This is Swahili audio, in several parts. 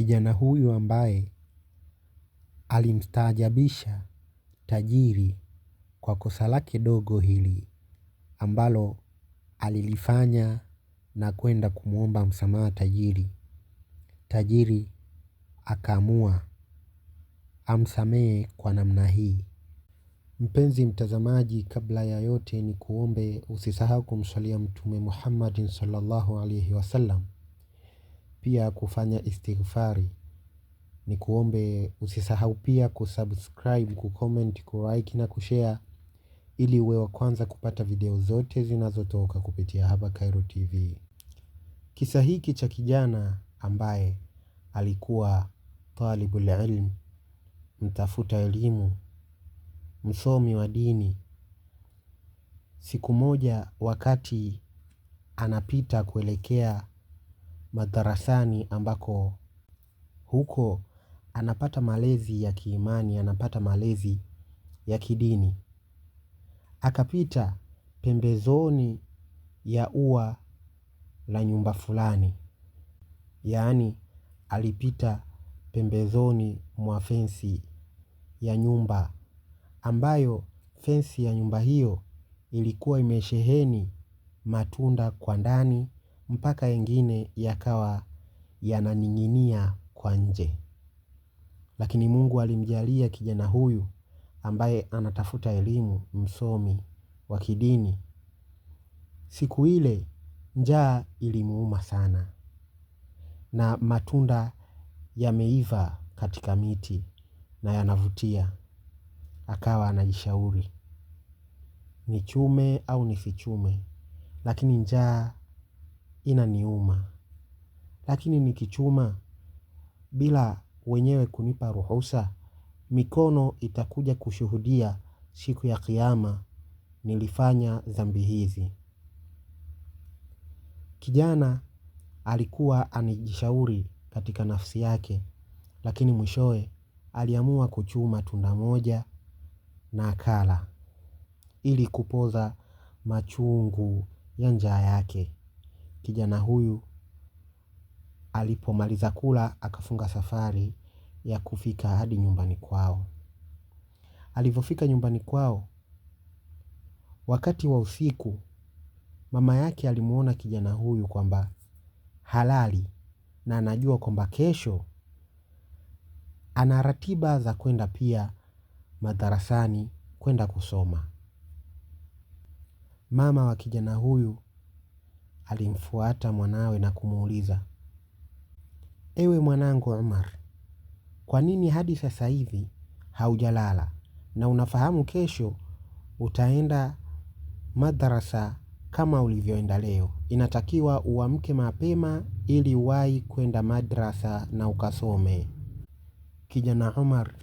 Kijana huyu ambaye alimstaajabisha tajiri kwa kosa lake dogo hili ambalo alilifanya na kwenda kumwomba msamaha tajiri. Tajiri akaamua amsamehe kwa namna hii. Mpenzi mtazamaji, kabla ya yote ni kuombe usisahau kumswalia Mtume Muhammadin sallallahu alaihi wasallam. Pia kufanya istighfari ni kuombe usisahau pia kusubscribe, kucomment, kulike na kushare ili uwe wa kwanza kupata video zote zinazotoka kupitia hapa Khairo TV. Kisa hiki cha kijana ambaye alikuwa talibul ilm, mtafuta elimu, msomi wa dini. Siku moja wakati anapita kuelekea madarasani ambako huko anapata malezi ya kiimani, anapata malezi ya kidini. Akapita pembezoni ya ua la nyumba fulani, yaani alipita pembezoni mwa fensi ya nyumba ambayo fensi ya nyumba hiyo ilikuwa imesheheni matunda kwa ndani mpaka yengine yakawa yananing'inia kwa nje. Lakini mungu alimjalia kijana huyu ambaye anatafuta elimu msomi wa kidini. Siku ile njaa ilimuuma sana na matunda yameiva katika miti na yanavutia. Akawa anajishauri nichume au nisichume lakini njaa inaniuma. Lakini nikichuma bila wenyewe kunipa ruhusa mikono itakuja kushuhudia siku ya kiama nilifanya dhambi hizi. Kijana alikuwa anijishauri katika nafsi yake lakini mwishowe aliamua kuchuma tunda moja na akala ili kupoza machungu ya njaa yake kijana huyu alipomaliza kula akafunga safari ya kufika hadi nyumbani kwao. Alivyofika nyumbani kwao, wakati wa usiku, mama yake alimuona kijana huyu kwamba halali na anajua kwamba kesho ana ratiba za kwenda pia madarasani kwenda kusoma. Mama wa kijana huyu alimfuata mwanawe na kumuuliza, ewe mwanangu Umar, kwa nini hadi sasa hivi haujalala na unafahamu kesho utaenda madrasa kama ulivyoenda leo? Inatakiwa uamke mapema ili uwahi kwenda madrasa na ukasome. Kijana Umar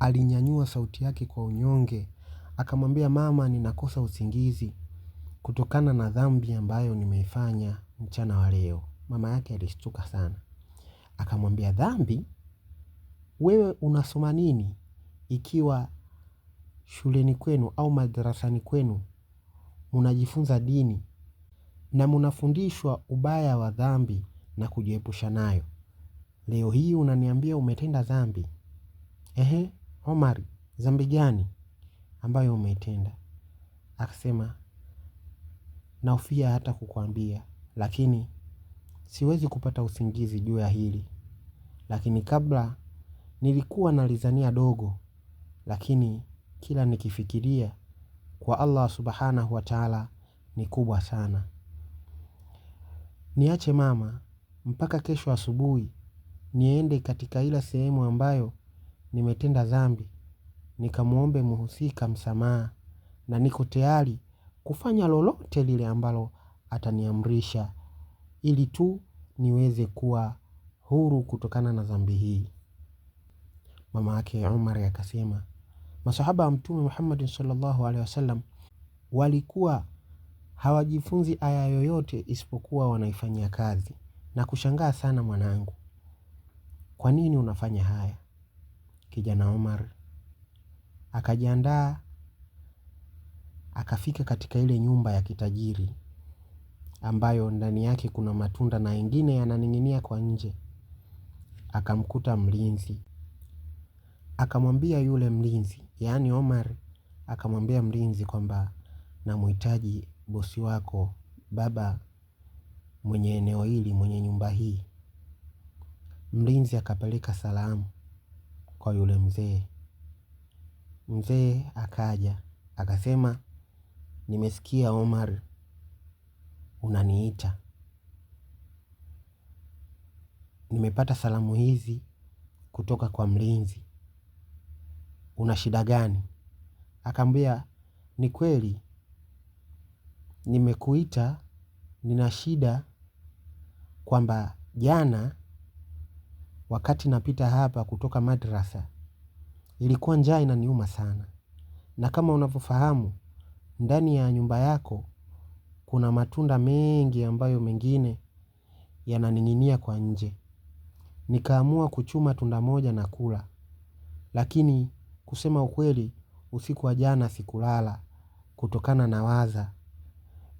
alinyanyua sauti yake kwa unyonge, akamwambia mama, ninakosa usingizi, Kutokana na dhambi ambayo nimeifanya mchana wa leo. Mama yake alishtuka sana. Akamwambia dhambi, wewe unasoma nini ikiwa shuleni kwenu au madarasani kwenu mnajifunza dini na mnafundishwa ubaya wa dhambi na kujiepusha nayo. Leo hii unaniambia umetenda dhambi. Ehe, Omari, dhambi gani ambayo umetenda? Akasema nahofia hata kukuambia, lakini siwezi kupata usingizi juu ya hili. Lakini kabla nilikuwa nalizania dogo, lakini kila nikifikiria kwa Allah subhanahu wa ta'ala ni kubwa sana. Niache mama mpaka kesho asubuhi niende katika ila sehemu ambayo nimetenda dhambi nikamwombe mhusika msamaha na niko tayari kufanya lolote lile ambalo ataniamrisha ili tu niweze kuwa huru kutokana na dhambi hii. Mama yake Umar akasema masahaba wa Mtume Muhammad sallallahu alaihi wasallam walikuwa hawajifunzi aya yoyote isipokuwa wanaifanyia kazi, na kushangaa sana mwanangu, kwa nini unafanya haya? Kijana umar akajiandaa akafika katika ile nyumba ya kitajiri ambayo ndani yake kuna matunda na ingine yananing'inia kwa nje. Akamkuta mlinzi, akamwambia yule mlinzi, yaani Omar akamwambia mlinzi kwamba namhitaji bosi wako, baba mwenye eneo hili, mwenye nyumba hii. Mlinzi akapeleka salamu kwa yule mzee. Mzee akaja akasema, Nimesikia Omar unaniita. Nimepata salamu hizi kutoka kwa mlinzi. Una shida gani? Akaambia ni kweli nimekuita nina shida kwamba jana wakati napita hapa kutoka madrasa ilikuwa njaa inaniuma sana. Na kama unavyofahamu ndani ya nyumba yako kuna matunda mengi ambayo mengine yananing'inia kwa nje. Nikaamua kuchuma tunda moja na kula. Lakini kusema ukweli usiku wa jana sikulala kutokana na waza.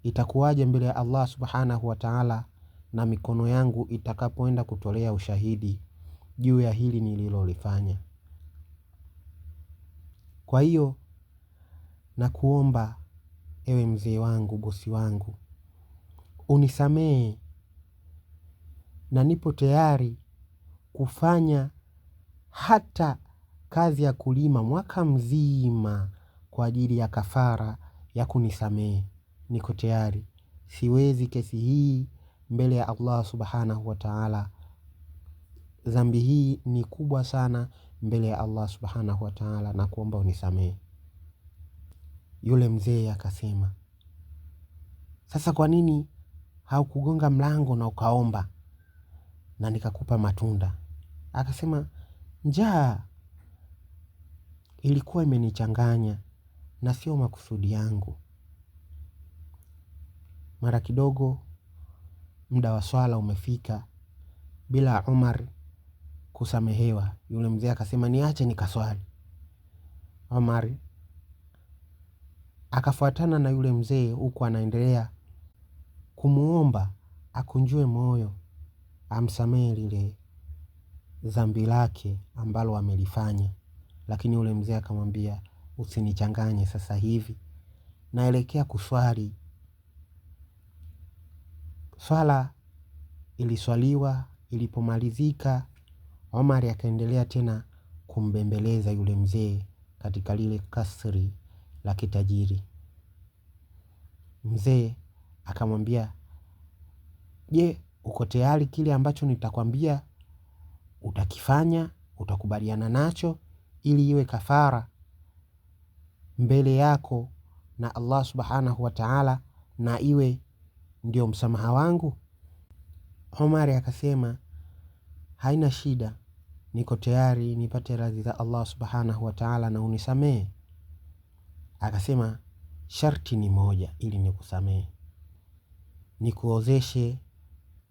Itakuwaje mbele ya Allah subhanahu wa ta'ala na mikono yangu itakapoenda kutolea ushahidi juu ya hili nililolifanya. Kwa hiyo nakuomba ewe mzee wangu, bosi wangu, unisamehe na nipo tayari kufanya hata kazi ya kulima mwaka mzima kwa ajili ya kafara ya kunisamehe. Niko tayari, siwezi kesi hii mbele ya Allah subhanahu wa ta'ala. Dhambi hii ni kubwa sana mbele ya Allah subhanahu wa ta'ala, kuomba unisamehe. Yule mzee akasema, sasa kwa nini haukugonga mlango na ukaomba na nikakupa matunda? Akasema, njaa ilikuwa imenichanganya na sio makusudi yangu. Mara kidogo muda wa swala umefika bila Omar kusamehewa. Yule mzee akasema niache nikaswali. Omar Akafuatana na yule mzee huku anaendelea kumuomba akunjue moyo amsamehe lile dhambi lake ambalo amelifanya. Lakini yule mzee akamwambia usinichanganye sasa hivi naelekea kuswali. Swala iliswaliwa, ilipomalizika Omari akaendelea tena kumbembeleza yule mzee katika lile kasri la kitajiri. Mzee akamwambia, je, uko tayari kile ambacho nitakwambia utakifanya, utakubaliana nacho ili iwe kafara mbele yako na Allah subhanahu wa taala, na iwe ndio msamaha wangu? Omari akasema haina shida, niko tayari nipate radhi za Allah subhanahu wa taala na unisamehe. Akasema sharti ni moja ili nikusamehe. Nikuozeshe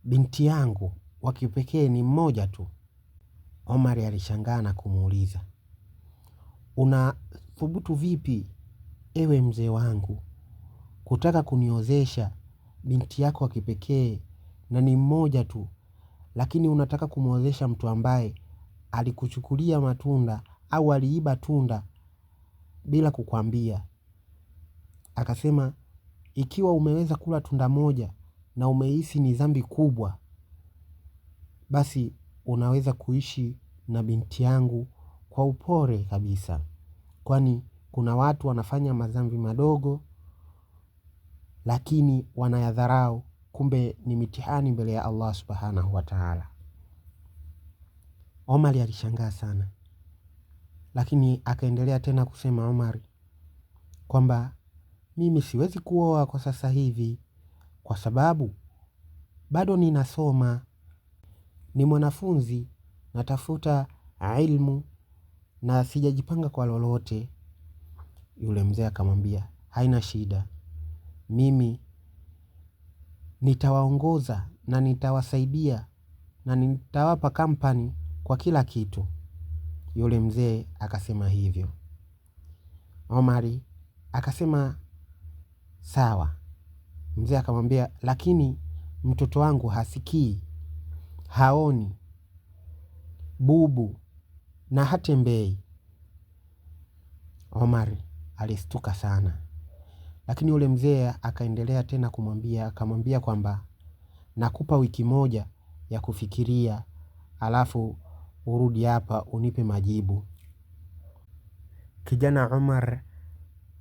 binti yangu wa kipekee ni mmoja tu. Omari alishangaa na kumuuliza, unathubutu vipi ewe mzee wangu kutaka kuniozesha binti yako wa kipekee na ni mmoja tu, lakini unataka kumwozesha mtu ambaye alikuchukulia matunda au aliiba tunda bila kukwambia. Akasema ikiwa umeweza kula tunda moja na umehisi ni dhambi kubwa basi unaweza kuishi na binti yangu kwa upole kabisa. Kwani kuna watu wanafanya madhambi madogo lakini wanayadharau kumbe ni mitihani mbele ya Allah subhanahu wa ta'ala. alishangaa sana. Lakini akaendelea tena kusema Omari kwamba mimi siwezi kuoa kwa sasa hivi kwa sababu bado ninasoma, ni mwanafunzi, natafuta ilmu na sijajipanga kwa lolote. Yule mzee akamwambia haina shida, mimi nitawaongoza na nitawasaidia na nitawapa kampani kwa kila kitu. Yule mzee akasema hivyo. Omari akasema sawa. Mzee akamwambia, lakini mtoto wangu hasikii, haoni, bubu na hatembei. Omari alistuka sana, lakini yule mzee akaendelea tena kumwambia, akamwambia kwamba nakupa wiki moja ya kufikiria, alafu urudi hapa unipe majibu. Kijana Omar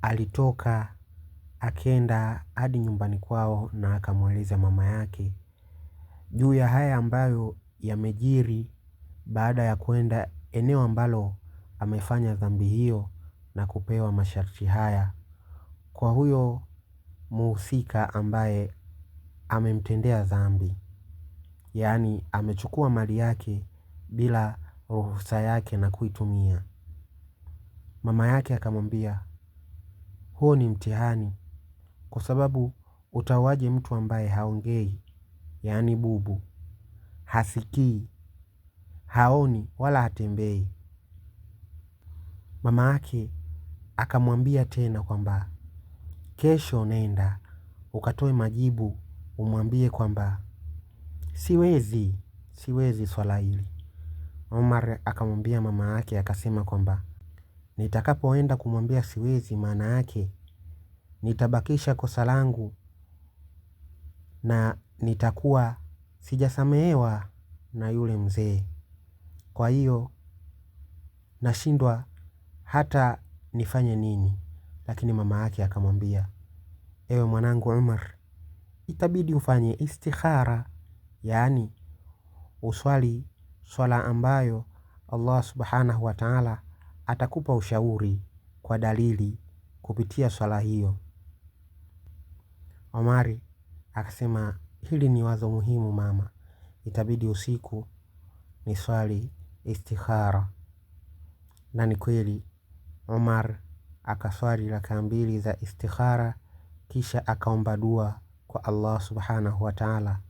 alitoka akenda hadi nyumbani kwao na akamweleza mama yake juu ya haya ambayo yamejiri baada ya kwenda eneo ambalo amefanya dhambi hiyo na kupewa masharti haya kwa huyo muhusika ambaye amemtendea dhambi, yaani amechukua mali yake bila ruhusa yake na kuitumia. Mama yake akamwambia huo ni mtihani kwa sababu utaoaje mtu ambaye haongei yaani bubu hasikii haoni wala hatembei. Mama yake akamwambia tena kwamba kesho nenda ukatoe majibu umwambie kwamba siwezi siwezi swala hili. Omar akamwambia mama yake akasema kwamba nitakapoenda kumwambia siwezi, maana yake nitabakisha kosa langu na nitakuwa sijasamehewa na yule mzee. Kwa hiyo nashindwa hata nifanye nini. Lakini mama yake akamwambia, ewe mwanangu Umar, itabidi ufanye istikhara, yaani uswali swala ambayo Allah subhanahu wa taala atakupa ushauri kwa dalili kupitia swala hiyo. Omari akasema, hili ni wazo muhimu mama, itabidi usiku ni swali istikhara. Na ni kweli Omar akaswali rakaa mbili za istikhara, kisha akaomba dua kwa Allah subhanahu wa taala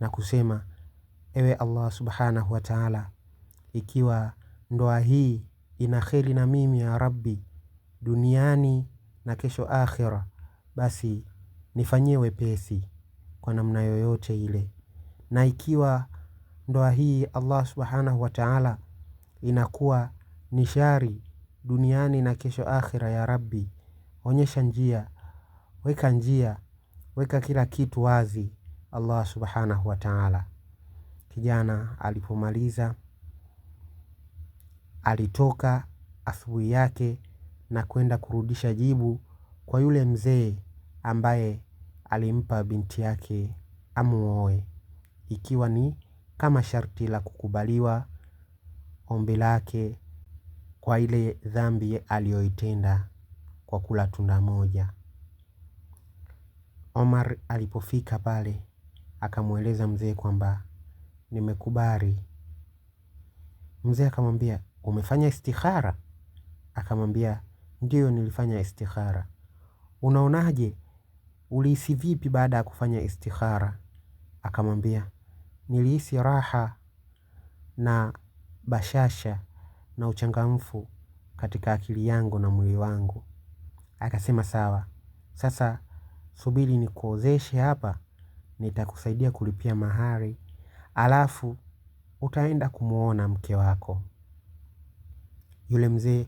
na kusema Ewe Allah subhanahu wa ta'ala, ikiwa ndoa hii ina kheri na mimi ya Rabbi duniani na kesho akhira, basi nifanyie wepesi kwa namna yoyote ile, na ikiwa ndoa hii Allah subhanahu wa ta'ala inakuwa ni shari duniani na kesho akhira, ya Rabbi, onyesha njia, weka njia, weka kila kitu wazi, Allah subhanahu wa ta'ala kijana alipomaliza alitoka asubuhi yake na kwenda kurudisha jibu kwa yule mzee ambaye alimpa binti yake amuoe ikiwa ni kama sharti la kukubaliwa ombi lake kwa ile dhambi aliyoitenda kwa kula tunda moja. Omar alipofika pale akamweleza mzee kwamba nimekubali. Mzee akamwambia umefanya istikhara? Akamwambia ndiyo nilifanya istikhara. Unaonaje? Ulihisi vipi baada ya kufanya istikhara? Akamwambia nilihisi raha na bashasha na uchangamfu katika akili yangu na mwili wangu. Akasema sawa, sasa subiri nikuozeshe hapa, nitakusaidia kulipia mahari Alafu, utaenda kumuona mke wako. Yule mzee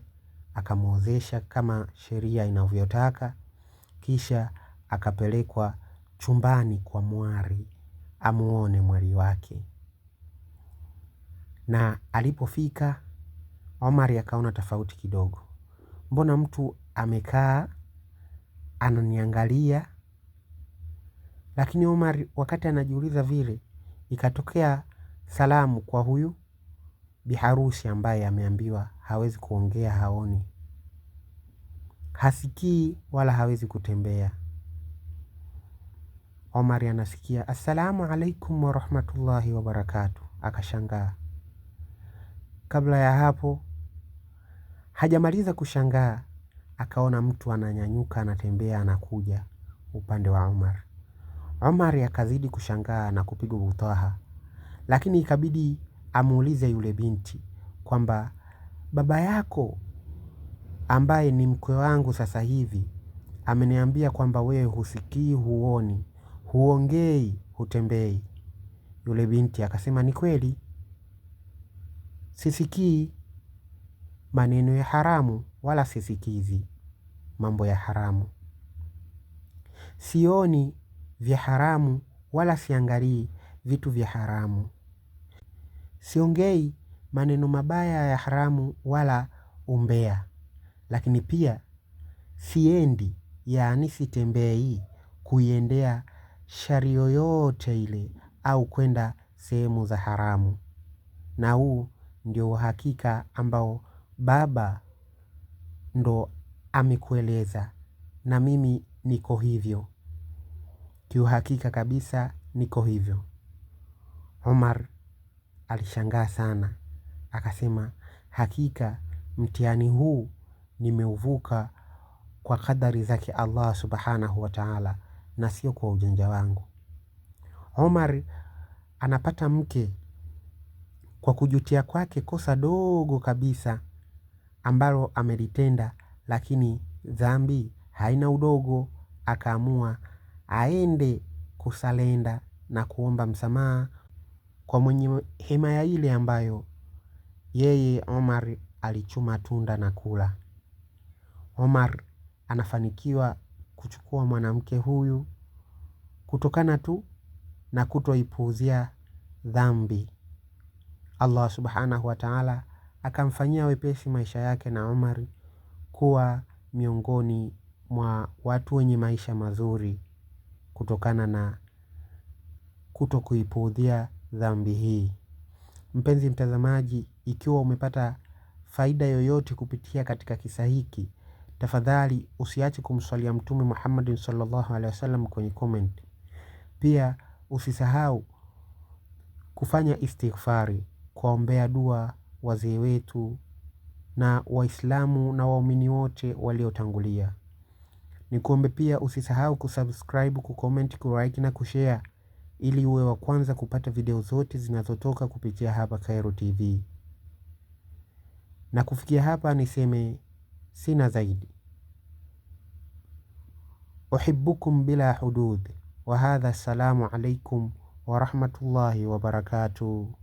akamwozesha kama sheria inavyotaka. Kisha akapelekwa chumbani kwa mwari amuone mwari wake. Na alipofika Omari akaona tofauti kidogo. Mbona mtu amekaa ananiangalia. Lakini Omari wakati anajiuliza vile Ikatokea salamu kwa huyu biharusi ambaye ameambiwa hawezi kuongea haoni. Hasikii wala hawezi kutembea. Omari anasikia assalamu alaikum warahmatullahi wabarakatu. Akashangaa. Kabla ya hapo hajamaliza kushangaa akaona mtu ananyanyuka anatembea anakuja upande wa Omar. Omar akazidi kushangaa na kupigwa butaha Lakini ikabidi amuulize yule binti kwamba baba yako ambaye ni mkwe wangu sasa hivi ameniambia kwamba wewe husikii, huoni, huongei, hutembei. Yule binti akasema ni kweli, sisikii maneno ya haramu wala sisikizi mambo ya haramu. Sioni vya haramu wala siangalii vitu vya haramu. Siongei maneno mabaya ya haramu wala umbea, lakini pia siendi, yaani sitembei kuiendea shari yoyote ile au kwenda sehemu za haramu. Na huu ndio uhakika ambao baba ndo amekueleza na mimi niko hivyo. Kiuhakika kabisa niko hivyo. Omar alishangaa sana. Akasema hakika mtihani huu nimeuvuka kwa kadari zake Allah subhanahu wa ta'ala na sio kwa ujanja wangu. Omar anapata mke kwa kujutia kwake kosa dogo kabisa ambalo amelitenda lakini dhambi haina udogo akaamua aende kusalenda na kuomba msamaha kwa mwenye himaya ile ambayo yeye Omar alichuma tunda na kula. Omar anafanikiwa kuchukua mwanamke huyu kutokana tu na kutoipuuzia dhambi. Allah subhanahu wa taala akamfanyia wepesi maisha yake na Omar kuwa miongoni mwa watu wenye maisha mazuri kutokana na kuto kuipuudhia dhambi hii. Mpenzi mtazamaji, ikiwa umepata faida yoyote kupitia katika kisa hiki, tafadhali usiache kumswalia Mtume Muhammad sallallahu alaihi wasallam kwenye comment. Pia usisahau kufanya istighfari, kuombea dua wazee wetu na Waislamu na waumini wote waliotangulia. Nikuombe pia usisahau kusubscribe, kucomment, kulike na kushare ili uwe wa kwanza kupata video zote zinazotoka kupitia hapa Khairo TV. Na kufikia hapa niseme sina zaidi. Uhibbukum bila hudud. Wa hadha, assalamu alaikum wa rahmatullahi wa barakatuh.